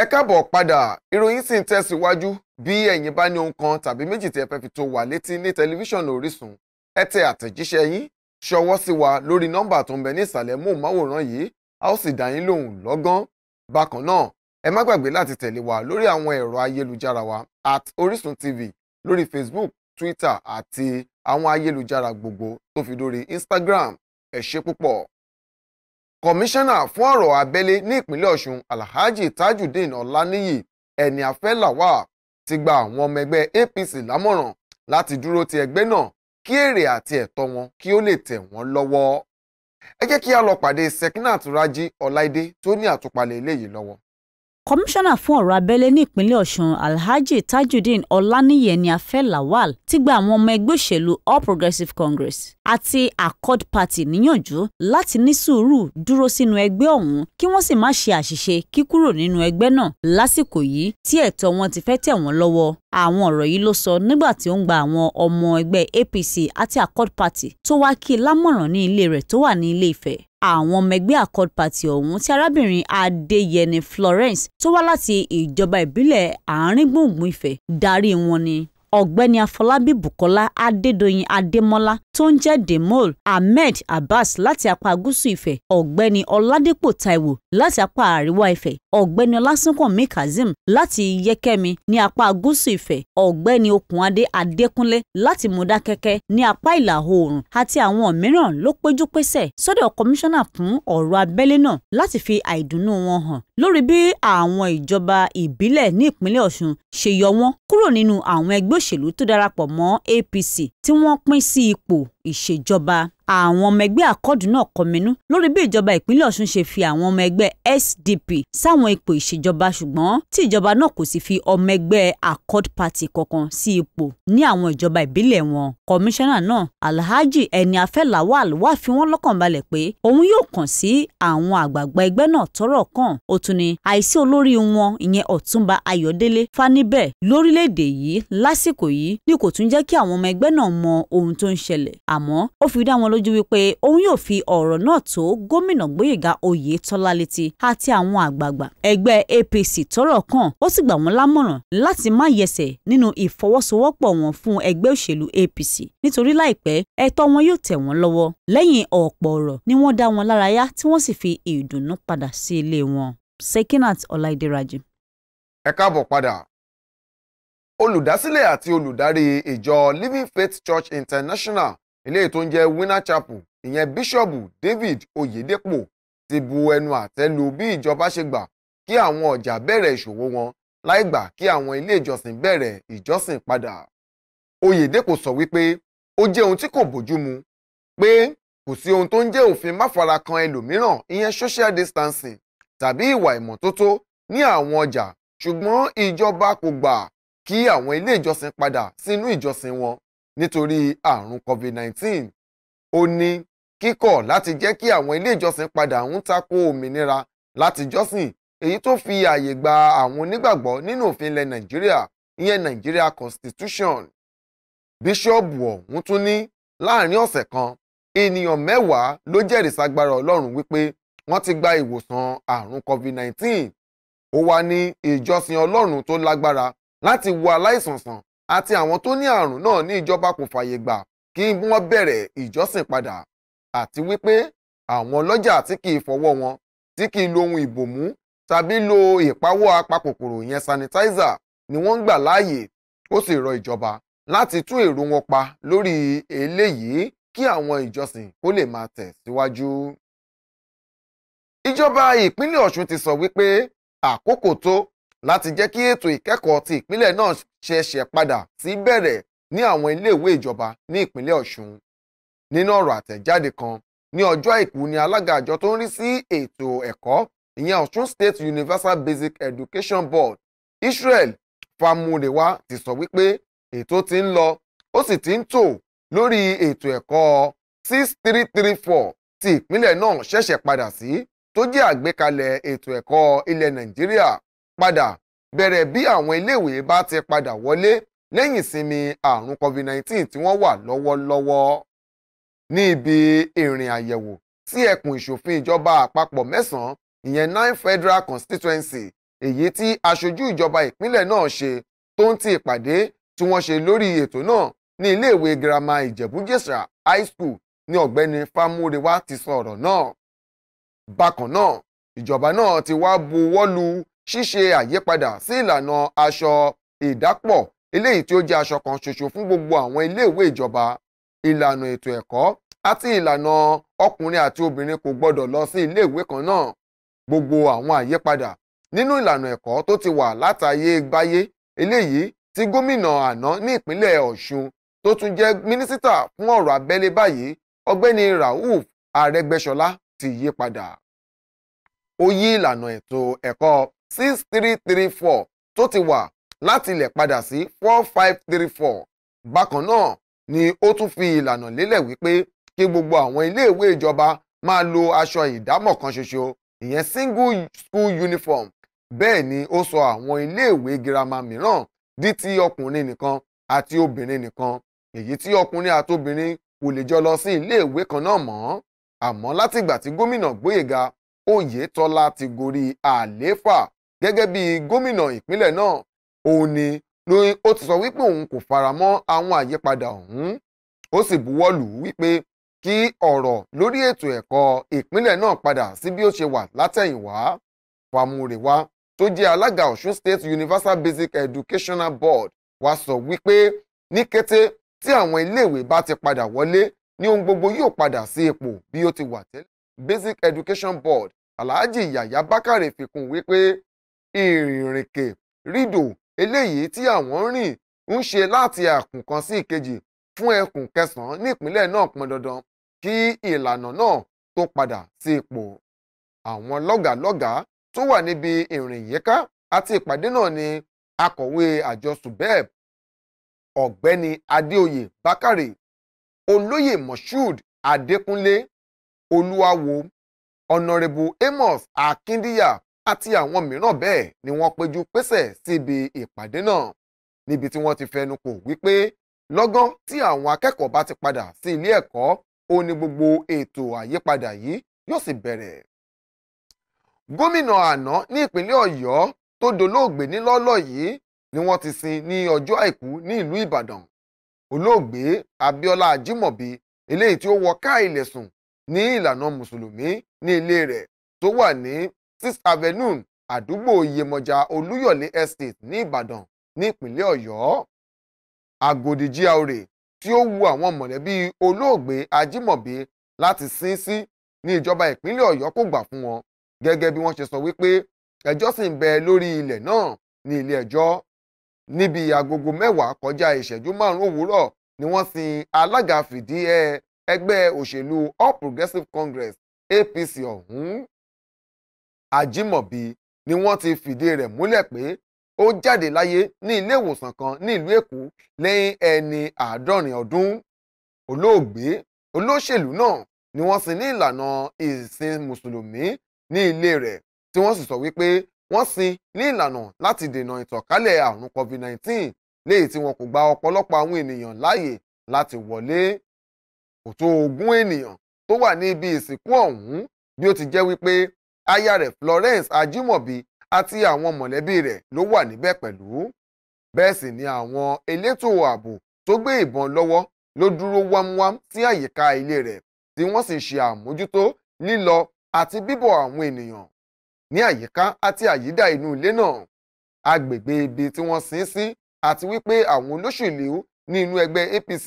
ẹ káàbọ̀ padà ìròyìn sì ń tẹ̀síwájú bí ẹ̀yin bá ní ohun kan tàbí méjì tí ẹ fẹ́ fi tó wà létí ní tẹlifíṣàn Orísun ẹ tẹ àtẹ̀jíṣẹ́ yín ṣọwọ́ sí wa lórí nọ́mbà tó ń bẹ ní ìsàlẹ̀ móhùnmáwòrán yìí a ó sì dá yín lóhùn lọ́gán bákan náà ẹ má gbàgbé láti tẹ̀lé wa lórí àwọn ẹ̀rọ ayélujára wa at Orísun TV lórí Facebook Twitter àti àwọn ayélujára gbogbo tó fi dórí Instagram ẹ ṣé púpọ̀ kọmíṣánná fún ọ̀rọ̀ abẹ́lé ní ìpínlẹ̀ ọ̀ṣun alhaji tajudeen ọláníyì ẹni afẹ́ làwà ti gba àwọn ọmọ ẹgbẹ́ apc lámọ̀ràn láti dúró ti ẹgbẹ́ náà kí èrè àti ẹ̀tọ́ wọn kí ó lè tẹ̀ wọ́n lọ́wọ́ ẹ jẹ́ kí a lọ pàdé sekinat raji ọláìdé tó ní àtúpalẹ̀ eléyìí lọ́wọ́ kọmíṣánná fún ọ̀rọ̀ abẹ́lé ní ìpínlẹ̀ ọ̀ṣun alhaji tajudeen ọláníyẹ ní afẹ́ lawal ti gba àwọn ọmọ ẹgbẹ́ òṣèlú all progressives congress àti accord party níyànjú láti ní sùúrù dúró sínú ẹgbẹ́ ọ̀hún kí wọ́n sì má ṣe àṣìṣe kíkúrò nínú ẹgbẹ́ náà lásìkò yìí tí ẹ̀tọ́ wọn ti fẹ́ tẹ̀ wọ́n lọ́wọ́ àwọn ọ̀rọ̀ yìí ló sọ nígbà tí ó ń gba àwọn ọmọ ẹgbẹ́ apc àti accord party tó wá kí i lámọ̀ràn ní ilé rẹ̀ tó wà ní ilé ìfẹ́ àwọn ọmọ ẹgbẹ́ Accord Party ọ̀hún tí arábìnrin Adéyẹni Florence tó wá láti ìjọba ìbílẹ̀ àárín gbùngbùn Ifẹ̀ darí wọn ni ọ̀gbẹ́ni afọlábí bukola adédọ̀yìn adémọ́lá tó ń jẹ́ demol ahmed abbas láti apá gúúsù ifẹ̀ ọ̀gbẹ́ni ọládípò taiwo láti apá àríwá ifẹ̀ ọ̀gbẹ́ni ọlásùnkànmí kazeem láti yẹkẹ́mi ní apá gúúsù ifẹ̀ ọ̀gbẹ́ni okùnadé adékúnlé láti mọdákẹ́kẹ́ ní apá ìlà oòrùn àti àwọn mìíràn ló péjú pésẹ̀ sọ́dọ̀ kọmíṣánná fún ọ̀rọ̀ abẹ́lé náà láti fi àìdùnnú wọn hàn lórí bí àwọn ìjọba ìbílẹ̀ ní ìpínlẹ̀ Ọ̀ṣun ṣe yọ wọ́n kúrò nínú àwọn ẹgbẹ́ òṣèlú tó darapọ̀ mọ́ APC tí wọ́n pín sí ipò ìṣèjọba àwọn ọmọ ẹgbẹ́ àkọ́dù náà kọminú lórí bí ìjọba ìpínlẹ̀ Ọ̀ṣun ṣe fi àwọn ọmọ ẹgbẹ́ SDP sáwọn ipò ìṣèjọba ṣùgbọ́n tí ìjọba náà kò sì fi ọmọ ẹgbẹ́ Accord Party kankan sí ipò ní àwọn ìjọba ìbílẹ̀ wọn kọmíṣánná náà Alhaji ẹni afẹ́ Lawal wá fi wọ́n lọ́kàn balẹ̀ pé òun yóò kàn sí àwọn àgbààgbà ẹgbẹ́ náà tọ́rọ̀ kàn ó tún ni àìsí olórí wọn ìyẹn Ọ̀túnba Ayọ̀délé Faníbẹ̀ lórílẹ̀ yìí lásìkò yìí ni kò tún jẹ́ kí àwọn ọmọ ẹgbẹ́ náà mọ ohun tó ń ṣẹlẹ̀ à àmọ́ ó fi dá wọn lójú wípé òun yóò fi ọ̀rọ̀ náà tó gómìnà Gbóyèga Oyètọ́lá létí àti àwọn àgbààgbà ẹgbẹ́ APC tọ́rọ̀ kàn ó sì gbà wọ́n lámọ̀ràn láti má yẹsẹ̀ nínú ìfọwọ́sowọ́pọ̀ wọn fún ẹgbẹ́ òṣèlú APC nítorí láìpẹ́ ẹ̀tọ́ wọn yóò tẹ̀ wọ́n lọ́wọ́ lẹ́yìn ọ̀pọ̀ ọ̀rọ̀ ni wọ́n dá wọn lárayá tí wọ́n sì fi ìdùnnú padà sí ilé wọn Sekinat Ọláìdíraji. ẹ olùdásílẹ̀ àti olùdarí ìjọ Living Faith Church International eléyìí tó ń jẹ́ winner chapel ìyẹn bíṣọ̀bù david oyedepo ti bu ẹnu àtẹ́ lu bí ìjọba ṣe gbà kí àwọn ọjà bẹ̀rẹ̀ ìṣòwò wọn láì gbà kí àwọn ilé ìjọsìn bẹ̀rẹ̀ ìjọsìn padà oyedepo sọ wípé ó jẹ́ ohun tí kò bójúmu pé kò sí ohun tó ń jẹ́ òfin máfarakan ẹlòmíràn ìyẹn social distancing tàbí ìwà ìmọ́tótó ní àwọn ọjà ṣùgbọ́n ìjọba kò gbà kí àwọn ilé ìjọsìn padà sínú ìjọsìn wọn nítorí àrùn covid-19 ó ní kíkọ̀ láti jẹ́ kí àwọn ilé ìjọsìn padà ń tako òmìnira láti jọ́sìn èyí tó fi ààyè gba àwọn onígbàgbọ́ nínú òfin ilẹ̀ nàìjíríà ìyẹn nàìjíríà constitution bíṣọ́ọ̀bù ọ̀hún tún ní láàrin ọ̀sẹ̀ kan ènìyàn mẹ́wàá ló jẹ́rìísí agbára ọlọ́run wípé wọ́n ti gba ìwòsàn àrùn covid-19 ó wá ní ìjọsìn ọlọ́run tó lágbára láti wo aláìsàn àti àwọn tó ní àrùn náà ní ìjọba kò fàyè gbà kí wọ́n bẹ̀rẹ̀ ìjọsìn padà àti wípé àwọn ọlọ́jà tí kì í fọwọ́ wọn tí kì í lo ohun ìbòmú tàbí lo ìpawọ́ apakòkòrò yẹn sanitizer ni wọ́n ń gbà láàyè ó sì rọ ìjọba láti tún èrò wọn pa lórí eléyìí kí àwọn ìjọsìn kó lè máa tẹ̀ síwájú. ìjọba ìpínlẹ̀ Ọ̀ṣun ti sọ wípé àkókò tó láti jẹ́ kí ètò ìkẹ́kọ̀ọ́ ti ìpínlẹ̀ náà ṣẹ̀ṣẹ̀ padà sí bẹ̀rẹ̀ ní àwọn iléèwé ìjọba ní ìpínlẹ̀ Ọ̀ṣun nínú ọ̀rọ̀ àtẹ̀jáde kan ní ọjọ́ àìkú ni alága àjọ tó ń rí sí ètò ẹ̀kọ́ ìyẹn Ọ̀ṣun State Universal Basic Education Board Israel Famurewa ti sọ wípé ètò ti ń lọ ó sì ti ń tò lórí ètò ẹ̀kọ́ six three three four ti ìpínlẹ̀ náà ṣẹ̀ṣẹ̀ padà sí tó jẹ́ àgbékalẹ̀ ètò ẹ̀kọ́ ilẹ̀ Nàìjíríà padà bẹ̀rẹ̀ bí àwọn iléèwé bá ti padà wọlé lẹ́yìn ìsinmi àrùn covid-19 tí wọ́n wà lọ́wọ́lọ́wọ́ ní ibi ìrìn àyẹ̀wò sí ẹkùn ìṣòfin ìjọba àpapọ̀ mẹ́sàn-án ìyẹn nine federal constituency èyí tí aṣojú ìjọba ìpínlẹ̀ náà ṣe tó ń ti ìpàdé tí wọ́n ṣe lórí ètò náà ní iléèwé girama ìjẹ̀bú high school ní ọ̀gbẹ́ni fámúrewá ti sọ ọ̀rọ̀ náà. bákan náà ìjọba náà ti wá buwọ́ ṣíṣe àyípadà sí ìlànà aṣọ ìdápọ̀ eléyìí tí ó jẹ́ aṣọ kan ṣoṣo fún gbogbo àwọn iléèwé ìjọba ìlànà ètò ẹ̀kọ́ àti ìlànà ọkùnrin àti obìnrin kò gbọdọ̀ lọ sí iléèwé kan náà gbogbo àwọn àyípadà nínú ìlànà ẹ̀kọ́ tó ti wà látayé gbáyé eléyìí tí gómìnà àná ní ìpínlẹ̀ Ọ̀ṣun tó tún jẹ́ mínísítà fún ọ̀rọ̀ abẹ́lé báyìí ọ̀gbẹ́ni Rauf Arẹ́gbẹ́ṣọlá ti yí padà ó yí ìlànà ètò ẹ̀kọ́ six three three four tó ti wà láti ilẹ̀ padà sí four five three four bákan náà ni ó tún fi ìlànà lélẹ̀ wípé kí gbogbo àwọn iléèwé ìjọba máa lo aṣọ ìdámọ̀ kan ṣoṣo ìyẹn single school uniform bẹ́ẹ̀ ni ó sọ àwọn iléèwé girama mìíràn di ti ọkùnrin nìkan àti obìnrin nìkan èyí tí ọkùnrin àti obìnrin kò lè jọ lọ sí iléèwé kan náà mọ́ àmọ́ látìgbà tí gómìnà Gbóyèga Oyètọ́lá ti gorí àlééfà gẹ́gẹ́ bí gómìnà ìpínlẹ̀ náà òun ni lóyún ó ti sọ wípé òun kò fara mọ́ àwọn àyípadà ọ̀hún ó sì buwọ́ lù ú wípé kí ọ̀rọ̀ lórí ètò ẹ̀kọ́ ìpínlẹ̀ náà padà sí bí ó ṣe wà látẹ̀yìnwá Fàmúrèwá tó jẹ́ alága Ọ̀ṣun State Universal Basic Educational Board wá sọ wípé ní kété tí àwọn iléèwé bá ti padà wọlé ní ohun gbogbo yóò padà sí ipò bí ó ti wà tẹ́lẹ̀ Basic Education Board Alhaji Yahaya Bakare fikún wípé ìrìnrìnkè rídò eléyìí tí àwọn ń rìn ń ṣe láti ẹkùn kan sí ìkejì fún ẹkùn kẹsànán nípínlẹ̀ náà pọn dandan kí ìlànà náà tó padà sí ipò. àwọn lọ́gàlọ́gàá tó wà níbi ìrìn yíká àti ìpàdé náà ni akọ̀wé àjọ subeb ọ̀gbẹ́ni adéoyè bákàrè olóyè moshood adékúnlé olúwawo ọ̀nàrẹ́bù amos akíndíyà àti àwọn mìíràn bẹ́ẹ̀ ni wọ́n péjú pésẹ̀ síbi ìpàdé náà níbi tí wọ́n ti fẹnu kò wípé lọ́gán tí àwọn akẹ́kọ̀ọ́ bá ti padà sí ilé ẹ̀kọ́ ó ní gbogbo ètò àyípadà yìí yóò sì bẹ̀rẹ̀. gómìnà àná ní ìpínlẹ̀ ọ̀yọ́ tó dolóògbé nílọ́lọ́ yìí ni wọ́n ti sin ní ọjọ́ àìkú ní ìlú ìbàdàn olóògbé abíọ́lá ajímọ̀bí eléyìí tí ó wọ káà ilẹ̀ sùn ní ìlànà mùsùlùmí ní ilé rẹ̀ tó wà ní sixth avenue àdúgbò Iyemọja Olúyọ̀lé estate ní Ìbàdàn nípínlẹ̀ Ọ̀yọ́ Àgòdì GRA tí ó wu àwọn mọ̀lẹ́bí olóògbé Ajímọ̀bí láti sin sí ní ìjọba ìpínlẹ̀ Ọ̀yọ́ kò gbà fún wọn gẹ́gẹ́ bí wọ́n ṣe sọ wípé ẹjọ́ sì ń bẹ lórí ilẹ̀ náà ní ilé ẹjọ́ níbi agogo mẹ́wàá kọjá ìṣẹ́jú márùn-ún ni wọ́n sin alága fìdí ẹ ẹgbẹ́ òṣèlú All Progressives Congress APC ọ̀hún ajímọ̀bí ni wọ́n ti fìdí rẹ̀ múlẹ̀ pé ó jáde láyé ní ilé ìwòsàn kan ní ìlú èkó lẹ́yìn ẹni àádọ́rin ọdún olóògbé olóṣèlú náà ni wọ́n sin ní ìlànà ìsìn mùsùlùmí ní ilé rẹ̀ tí wọ́n sì sọ wípé wọ́n sin ní ìlànà láti dènà ìtànkálẹ̀ àrùn covid-19 léyìí tí wọn kò gba ọ̀pọ̀lọpọ̀ àwọn ènìyàn láàyè láti wọlé kò tó ogún ènìyàn tó wà ní ibi ìsìnkú ọ̀hún bí ó ti jẹ́ wípé aya rẹ̀ Florence Ajimobi àti àwọn mọ̀lẹ́bí rẹ̀ ló wà níbẹ̀ pẹ̀lú bẹ́ẹ̀ sì ni àwọn elétò ààbò tó gbé ìbọn lọ́wọ́ ló dúró wámúwám sí àyíká ilé rẹ̀ tí wọ́n sì ṣe àmójútó lílọ àti bíbọ̀ àwọn ènìyàn ní àyíká àti àyídà inú ilé náà agbègbè ibi tí wọ́n sin sí àti wípé àwọn olóṣèlú ní inú ẹgbẹ́ APC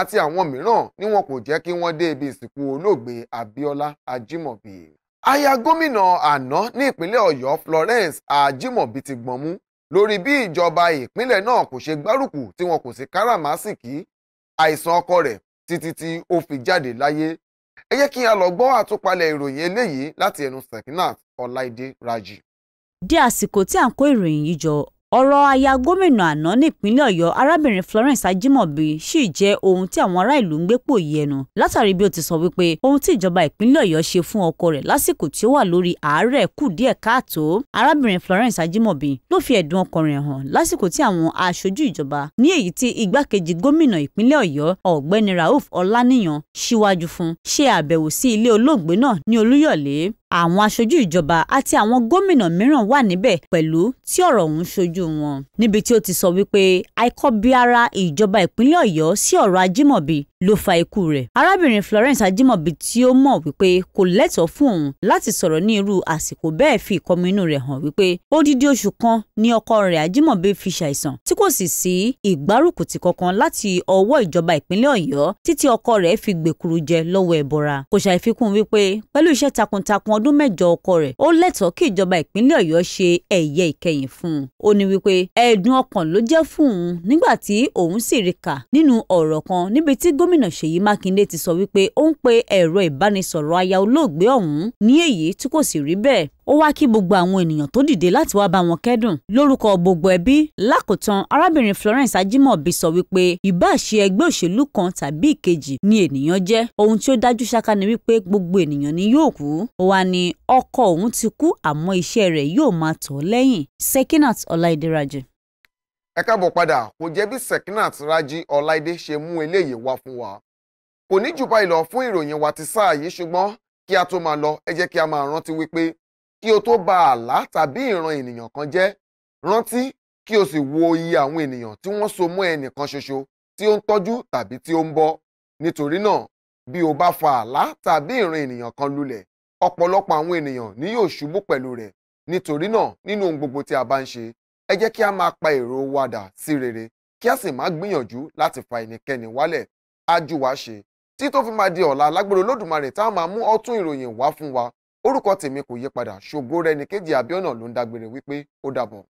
àti àwọn mìíràn ni wọn kò jẹ́ kí wọ́n dé ibi ìsìnkú olóògbé Abíọ́lá Ajímọ̀bí aya gómìnà àná ní ìpínlẹ̀ ọ̀yọ́ Florence Ajímọ̀bí ti gbọ̀nmú lórí bí ìjọba ìpínlẹ̀ náà kò ṣe gbárùkù tí wọn kò sì káràmásìkí àìsàn ọkọ rẹ̀ títí tí ó fi jáde láyé ẹ jẹ́ kí a lọ gbọ́ àtúpalẹ̀ ìròyìn eléyìí láti ẹnu Sekinat Ọláìdé Rájí. di àsìkò tí à ń kó ìròyìn yìí jọ ọ̀rọ̀ aya gómìnà àná nípínlẹ̀ ọ̀yọ́ arábìnrin florence ajímọ̀bí sì jẹ́ ohun tí àwọn ará ìlú ń gbé pò yí ẹnu látàrí bí ó ti sọ wípé ohun tí ìjọba ìpínlẹ̀ ọ̀yọ́ ṣe fún ọkọ rẹ̀ lásìkò tí ó wà lórí àárẹ̀ kù díẹ̀ káàtó arábìnrin florence ajímọ̀bí ló fi ẹ̀dùn ọkàn rẹ̀ hàn lásìkò tí àwọn aṣojú ìjọba ní èyí tí igbákejì gómìnà ìpínlẹ̀ ọ̀yọ́ ọ̀gbẹ́ni rauf ọláníyàn síwájú fún ṣe àbẹ̀wò sí ilé olóògbé náà ní olúyọ̀lé àwọn aṣojú ìjọba àti àwọn gómìnà mìíràn wà níbẹ̀ pẹ̀lú tí ọ̀rọ̀ ọ̀hún ṣojú wọn níbi tí ó ti sọ wípé àìkọbiara ìjọba ìpínlẹ̀ Ọ̀yọ́ sí ọ̀rọ̀ Ajímọ̀bí ló fa ikú rẹ̀. arábìnrin Florence Ajimobi tí ó mọ̀ wípé kò lẹ́tọ̀ọ́ fún òun láti sọ̀rọ̀ ní irú àsìkò bẹ́ẹ̀ fi ìkọminú inú rẹ̀ hàn wípé odidi oṣù kan ni ọkọ rẹ̀ Ajimobi fi ṣàìsàn tí kò sì sí ìgbárùkùtì kankan láti ọwọ́ ìjọba ìpínlẹ̀ Ọ̀yọ́ títí ọkọ rẹ̀ fi gbèkúrú jẹ lọ́wọ́ ẹ̀bọra kò ṣàìfikún wípé pẹ̀lú iṣẹ́ takuntakun ọdún mẹ́jọ ọkọ rẹ̀ ó lẹ́tọ̀ọ́ gómìnà gómìnà Ṣèyí Mákindé ti sọ wípé ó ń pe ẹ̀rọ ìbánisọ̀rọ̀ aya olóògbé ọ̀hún ní èyí tí kò sì rí bẹ́ẹ̀ ó wá kí gbogbo àwọn ènìyàn tó dìde láti wá bá wọn kẹ́dùn lórúkọ gbogbo ẹbí lákòótán arábìnrin Florence Ajimobi sọ wípé ìbáṣe ẹgbẹ́ òṣèlú kan tàbí ìkejì ni ènìyàn jẹ́ ohun tí ó dájú ṣáká ni wípé gbogbo ènìyàn ni yóò kú ó wá ní ọkọ òun ti kú àmọ́ iṣẹ́ rẹ̀ yóò máa tọ̀ lẹ́yìn Sekinat Ọláìdíraju ẹ káàbọ̀ padà kò jẹ́ bí Sekinat Raji Ọláìdé ṣe mú eléyìí wá fún wa kò ní jù báyìí lọ fún ìròyìn wa ti sáà yìí ṣùgbọ́n kí a tó máa lọ ẹ jẹ́ kí a máa rántí wípé kí o tó bà àlá tàbí ìran ènìyàn kan jẹ́ rántí kí o sì wo iye àwọn ènìyàn tí wọ́n so mọ́ ẹnìkan ṣoṣo tí ó ń tọ́jú tàbí tí ó ń bọ́ nítorí náà bí o bá fa àlá tàbí ìran ènìyàn kan lulẹ̀ ọ̀pọ̀lọpọ̀ àwọn ènìyàn ni yóò ṣubú pẹ̀lú rẹ̀ nítorí náà nínú ohun gbogbo tí a bá ń ṣe ẹ jẹ́ kí a máa pa èrò wa dà sí rere kí a sì máa gbìyànjú láti fa ẹnikẹ́ni wálẹ̀ ájú wa ṣe tí tó fi máa di ọ̀la lágbèrè Olódùmarè tá máa mú ọ̀tún ìròyìn wá fún wa orúkọ tèmi kò yípadà ṣògo rẹ̀ ní kejì àbíọ́nà ló ń dágbére wípé ó dàbọ̀.